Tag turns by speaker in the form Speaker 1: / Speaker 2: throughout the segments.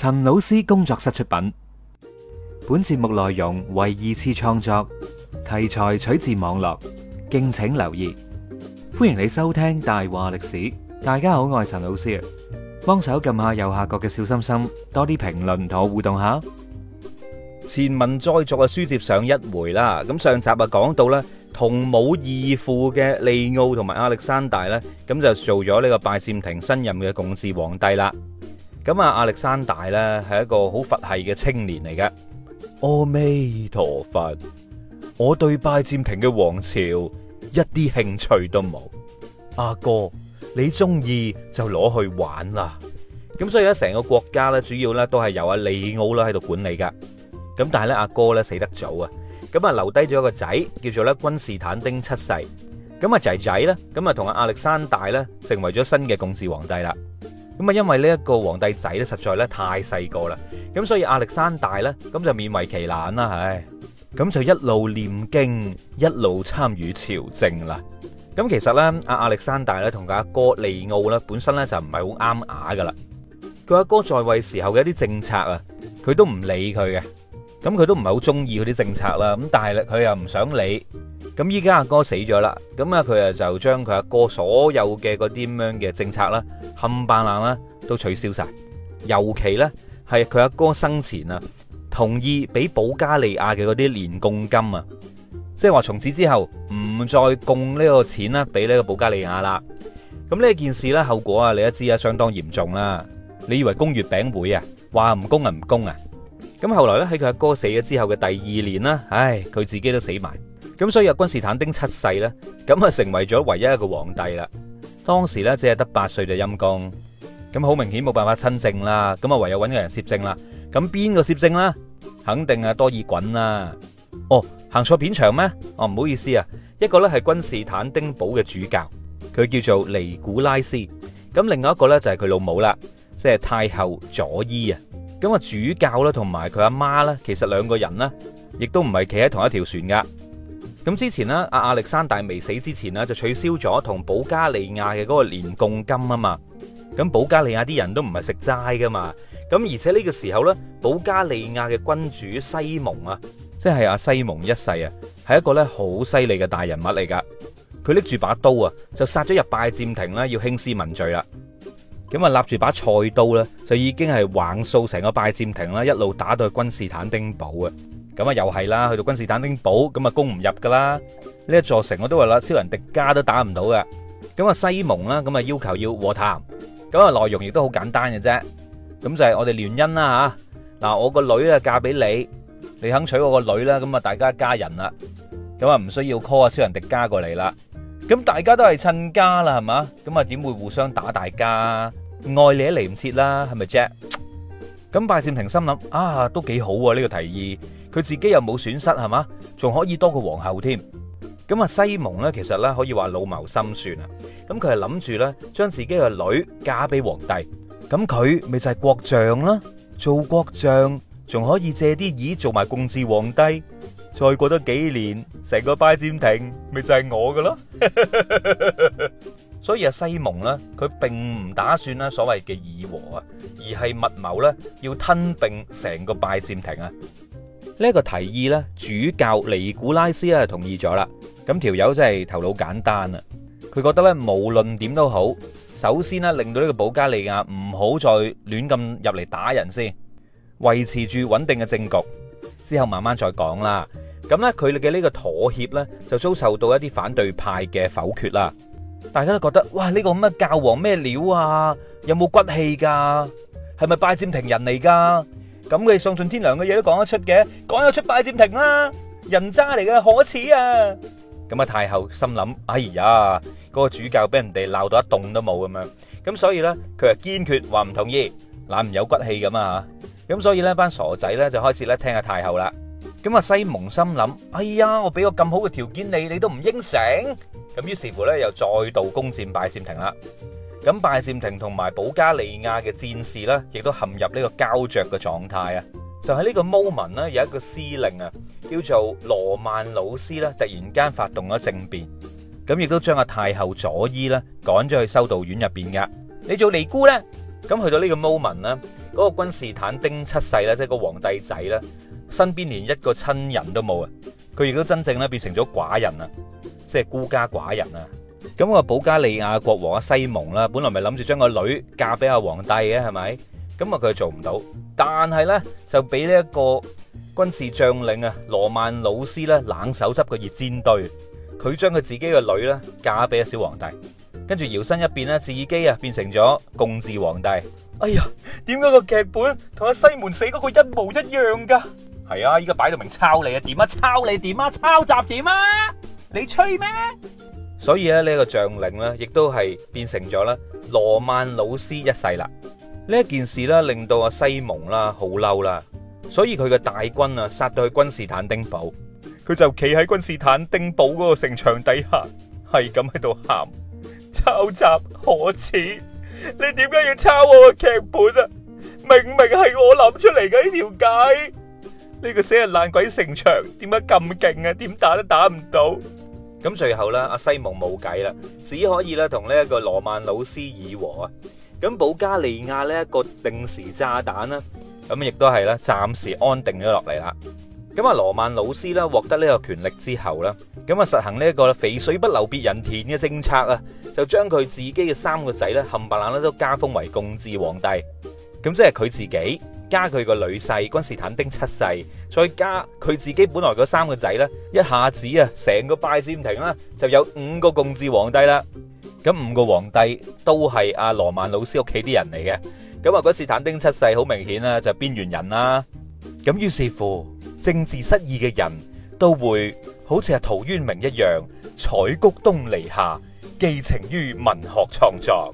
Speaker 1: 陳老師工作室出品，本節目內容為二次創作，題材取自網絡，敬請留意。歡迎你收聽《大話歷史》，大家好，我係陳老師啊，幫手撳下右下角嘅小心心，多啲評論同我互動下。前文再續嘅書接上一回啦，咁上集啊講到咧，同母異父嘅利奧同埋亞歷山大咧，咁就做咗呢個拜占庭新任嘅共治皇帝啦。咁啊，亞歷山大咧係一個好佛系嘅青年嚟嘅。阿彌陀佛，我對拜占庭嘅王朝一啲興趣都冇。阿哥，你中意就攞去玩啦。咁所以咧，成個國家咧，主要咧都係由阿利奧啦喺度管理噶。咁但係咧，阿哥咧死得早啊。咁啊，留低咗一個仔叫做咧君士坦丁七世。咁啊仔仔咧，咁啊同阿亞歷山大咧成為咗新嘅共治皇帝啦。咁啊，因為呢一個皇帝仔咧，實在咧太細個啦，咁所以亞歷山大咧，咁就勉為其難啦，唉，咁就一路念經，一路參與朝政啦。咁其實咧，阿亞歷山大咧同佢阿哥利奧咧，本身咧就唔係好啱牙噶啦。佢阿哥在位時候嘅一啲政策啊，佢都唔理佢嘅，咁佢都唔係好中意佢啲政策啦。咁但係咧，佢又唔想理。咁依家阿哥死咗啦，咁啊佢啊就將佢阿哥所有嘅嗰啲咁樣嘅政策啦，冚唪唥啦都取消晒，尤其咧係佢阿哥生前啊同意俾保加利亞嘅嗰啲年供金啊，即係話從此之後唔再供呢個錢啦，俾呢個保加利亞啦。咁呢件事咧後果啊，你都知啊，相當嚴重啦。你以為供月餅，餅會啊，話唔供啊，唔供啊，咁後來咧喺佢阿哥死咗之後嘅第二年啦，唉，佢自己都死埋。咁所以啊，君士坦丁七世咧，咁啊成為咗唯一一個皇帝啦。當時咧只係得八歲就陰公，咁好明顯冇辦法親政啦，咁啊唯有搵個人攝政啦。咁邊個攝政啦？肯定啊多爾袞啦。哦，行錯片場咩？哦，唔好意思啊，一個咧係君士坦丁堡嘅主教，佢叫做尼古拉斯。咁另外一個咧就係佢老母啦，即係太后佐伊啊。咁啊主教咧同埋佢阿媽咧，其實兩個人咧，亦都唔係企喺同一條船噶。咁之前呢，阿亞歷山大未死之前呢，就取消咗同保加利亞嘅嗰個連貢金啊嘛。咁保加利亞啲人都唔係食齋噶嘛。咁而且呢個時候呢，保加利亞嘅君主西蒙啊，即係阿西蒙一世啊，係一個呢好犀利嘅大人物嚟噶。佢拎住把刀啊，就殺咗入拜占庭啦，要興師問罪啦。咁啊，立住把菜刀呢，就已經係橫掃成個拜占庭啦，一路打到去君士坦丁堡啊！咁啊，又係啦，去到君士坦丁堡，咁啊攻唔入噶啦。呢一座城我都話啦，超人迪迦都打唔到噶。咁啊，西蒙啦，咁啊要求要和談。咁啊內容亦都好簡單嘅啫。咁就係我哋聯姻啦吓。嗱，我個女啊嫁俾你，你肯娶我個女啦，咁啊大家一家人啦。咁啊唔需要 call 啊超人迪迦過嚟啦。咁大家都係親家啦，係嘛？咁啊點會互相打大家？愛你都嚟唔切啦，係咪啫？咁拜占庭心諗啊，都幾好喎呢個提議。佢自己又冇損失，係嘛？仲可以多個皇后添。咁啊，西蒙咧，其實咧可以話老謀深算啊。咁佢係諗住咧，將自己嘅女嫁俾皇帝，咁佢咪就係國丈啦。
Speaker 2: 做國丈仲可以借啲意做埋共治皇帝。再過多幾年，成個拜占庭咪就係我嘅咯。
Speaker 1: 所以啊，西蒙咧，佢並唔打算咧所謂嘅議和啊，而係密謀咧要吞並成個拜占庭啊。呢一個提議咧，主教尼古拉斯咧同意咗啦。咁條友真係頭腦簡單啊！佢覺得咧，無論點都好，首先咧令到呢個保加利亞唔好再亂咁入嚟打人先，維持住穩定嘅政局，之後慢慢再講啦。咁咧，佢哋嘅呢個妥協咧，就遭受到一啲反對派嘅否決啦。大家都覺得哇，呢個咁嘅教皇咩料啊？有冇骨氣㗎？係咪拜占庭人嚟㗎？咁佢哋喪盡天良嘅嘢都講得出嘅，講得出拜占庭啦，人渣嚟嘅可恥啊！咁啊太后心諗，哎呀，嗰個主教俾人哋鬧到一動都冇咁樣，咁所以咧佢係堅決話唔同意，懶唔有骨氣咁啊吓，咁所以咧班傻仔咧就開始咧聽啊太后啦，咁啊西蒙心諗，哎呀，我俾個咁好嘅條件你，你都唔應承，咁於是乎咧又再度攻佔拜占庭啦。咁拜占庭同埋保加利亞嘅戰士咧，亦都陷入呢個膠着嘅狀態啊！就喺呢個 moment 咧，有一個司令啊，叫做羅曼魯斯啦，突然間發動咗政變，咁亦都將阿太后佐伊啦趕咗去修道院入邊嘅呢做尼姑咧，咁去到呢個 moment 咧，嗰個君士坦丁七世咧，即係個皇帝仔咧，身邊連一個親人都冇啊！佢亦都真正咧變成咗寡人啊，即係孤家寡人啊！咁個保加利亞國王阿西蒙啦，本來咪諗住將個女嫁俾阿皇帝嘅，係咪？咁啊佢做唔到，但係咧就俾呢一個軍事將領啊羅曼魯斯咧冷手執個熱煎堆，佢將佢自己嘅女咧嫁俾阿小皇帝，跟住搖身一變咧自己啊變成咗共治皇帝。哎呀，點解個劇本同阿西門死嗰個一模一樣噶？係啊，依家擺到明抄你啊，點啊，抄你點啊，抄襲點啊？你吹咩？所以咧，呢個將領咧，亦都係變成咗咧羅曼魯斯一世啦。呢一件事咧，令到阿西蒙啦好嬲啦，所以佢嘅大軍啊，殺到去君士坦丁堡，佢
Speaker 2: 就企喺君士坦丁堡嗰個城牆底下，係咁喺度喊：抄襲可恥！你點解要抄我嘅劇本啊？明明係我諗出嚟嘅呢條街，呢、呢個死人爛鬼城牆點解咁
Speaker 1: 勁啊？點打都打唔到。咁最後咧，阿西蒙冇計啦，只可以咧同呢一個羅曼老斯議和啊。咁保加利亞呢一個定時炸彈啦，咁亦都係咧暫時安定咗落嚟啦。咁啊，羅曼老斯咧獲得呢個權力之後咧，咁啊實行呢一個肥水不流別人田嘅政策啊，就將佢自己嘅三個仔咧冚唪唥咧都加封為共治皇帝。咁即係佢自己，加佢個女婿君士坦丁七世，再加佢自己本來嗰三個仔咧，一下子啊，成個拜占庭啦就有五個共治皇帝啦。咁五個皇帝都係阿、啊、羅曼老師屋企啲人嚟嘅。咁、嗯、啊，君士坦丁七世好明顯啦、啊，就邊、是、緣人啦、啊。咁於是乎，政治失意嘅人都會好似係陶淵明一樣，採菊東籬下，寄情於文學創作。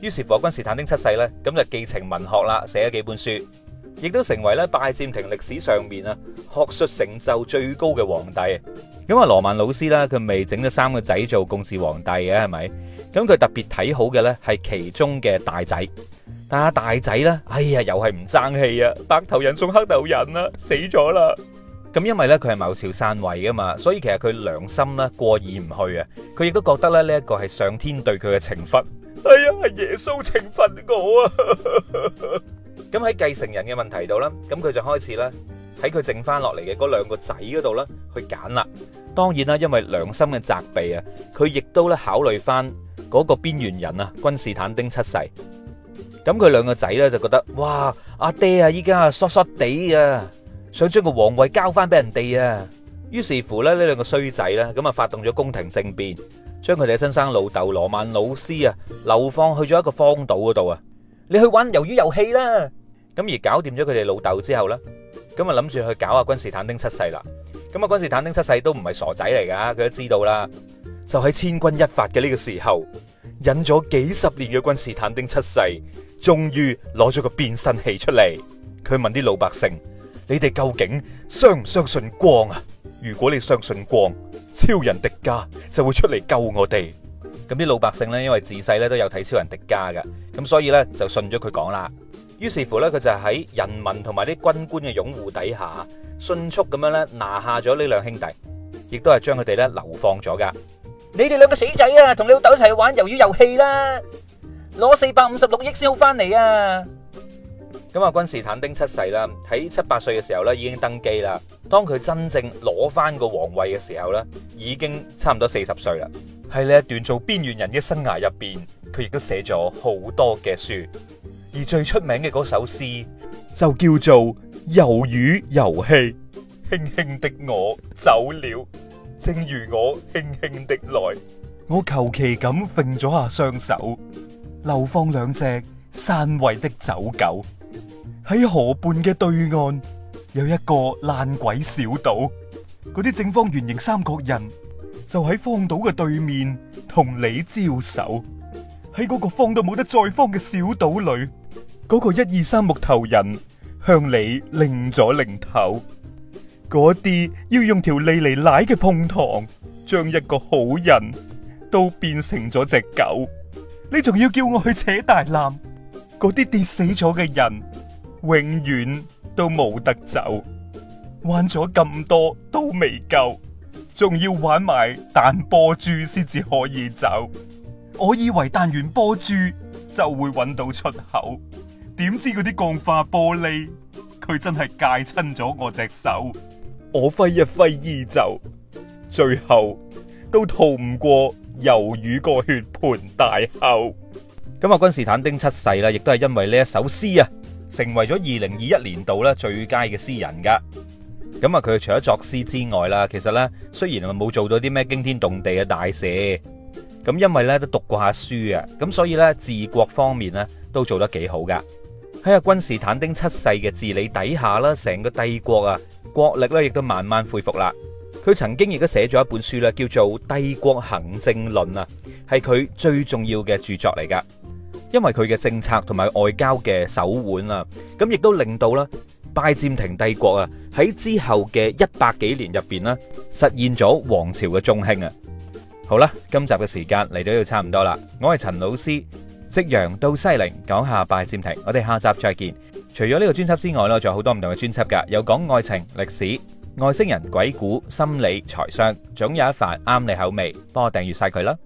Speaker 1: 於是乎，君士坦丁七世咧，咁就寄情文學啦，寫咗幾本書。亦都成為咧拜占庭歷史上面啊學術成就最高嘅皇帝。咁啊，羅曼老師啦，佢咪整咗三個仔做共治皇帝嘅係咪？咁佢特別睇好嘅咧係其中嘅大仔。但係大仔咧，哎呀，又係唔爭氣啊，白頭人送黑頭人啦，死咗啦。咁因為咧佢係謀朝篡位啊嘛，所以其實佢良心咧過意唔去啊。佢亦都覺得咧呢一個係上天對佢嘅
Speaker 2: 懲罰。哎呀，係耶穌懲罰我啊！咁喺繼
Speaker 1: 承人嘅問題度啦，咁佢就開始啦，喺佢剩翻落嚟嘅嗰兩個仔嗰度啦去揀啦。當然啦，因為良心嘅責備啊，佢亦都咧考慮翻嗰個邊緣人啊，君士坦丁七世。咁佢兩個仔咧就覺得哇，阿爹啊，依家啊，衰衰地啊，想將個皇位交翻俾人哋啊。於是乎咧，呢兩個衰仔咧，咁啊發動咗宮廷政變，將佢哋嘅親生老豆羅曼老斯啊流放去咗一個荒島嗰度啊。你去玩魷魚遊戲啦！咁而搞掂咗佢哋老豆之後呢，咁啊諗住去搞阿君士坦丁七世啦。咁阿君士坦丁七世都唔係傻仔嚟噶，佢都知道啦。就喺千鈞一發嘅呢個時候，
Speaker 2: 忍咗幾十年嘅君士坦丁七世，終於攞咗個變身器出嚟。佢問啲老百姓：你哋究竟相唔相信光啊？如果你
Speaker 1: 相信光，超人迪迦就會出嚟救我哋。咁啲老百姓呢，因為自細呢都有睇超人迪迦噶，咁所以呢，就信咗佢講啦。於是乎咧，佢就喺人民同埋啲軍官嘅擁護底下，迅速咁樣咧，拿下咗呢兩兄弟，亦都係將佢哋咧流放咗㗎。你哋兩個死仔啊，同你老豆一齊去玩魷魚遊戲啦！攞四百五十六億先好翻嚟啊！咁啊，君士坦丁七世啦，喺七八歲嘅時候咧已經登基啦。當佢真正攞翻個皇位嘅時候咧，已經差唔多四十歲啦。喺呢一段做邊緣人嘅生涯入邊，佢亦都寫咗好多嘅書。而最出名嘅嗰首詩
Speaker 2: 就叫做《魷魚遊戲》，輕輕的我走了，正如我輕輕的來。我求其咁揈咗下雙手，流放兩隻山胃的走狗。喺河畔嘅對岸有一個爛鬼小島，嗰啲正方圓形三角人就喺方島嘅對面同你招手。喺嗰個方到冇得再方嘅小島裏。嗰個一二三木頭人向你擰咗擰頭，嗰啲要用條脷嚟舐嘅碰糖，將一個好人都變成咗隻狗。你仲要叫我去扯大纜，嗰啲跌死咗嘅人永遠都冇得走。玩咗咁多都未夠，仲要玩埋彈波珠先至可以走。我以為彈完波珠就會搵到出口。點知嗰啲鋼化玻璃，佢真係戒親咗我隻手，我揮一揮衣袖，最後都逃唔過魷魚個血盆大
Speaker 1: 口。咁啊，君士坦丁七世啦，亦都係因為呢一首詩啊，成為咗二零二一年度咧最佳嘅詩人噶。咁啊，佢除咗作詩之外啦，其實咧雖然係冇做到啲咩驚天動地嘅大事，咁因為咧都讀過下書啊，咁所以咧治國方面咧都做得幾好噶。喺阿君士坦丁七世嘅治理底下啦，成個帝國啊，國力咧亦都慢慢恢復啦。佢曾經亦都寫咗一本書啦，叫做《帝國行政論》啊，係佢最重要嘅著作嚟噶。因為佢嘅政策同埋外交嘅手腕啊，咁亦都令到咧拜占庭帝國啊喺之後嘅一百幾年入邊呢，實現咗王朝嘅中興啊。好啦，今集嘅時間嚟到要差唔多啦，我係陳老師。夕陽到西陵，講下拜占庭。我哋下集再見。除咗呢個專輯之外呢，仲有好多唔同嘅專輯噶，有講愛情、歷史、外星人、鬼故、心理、財商，總有一番啱你口味。幫我訂閱晒佢啦。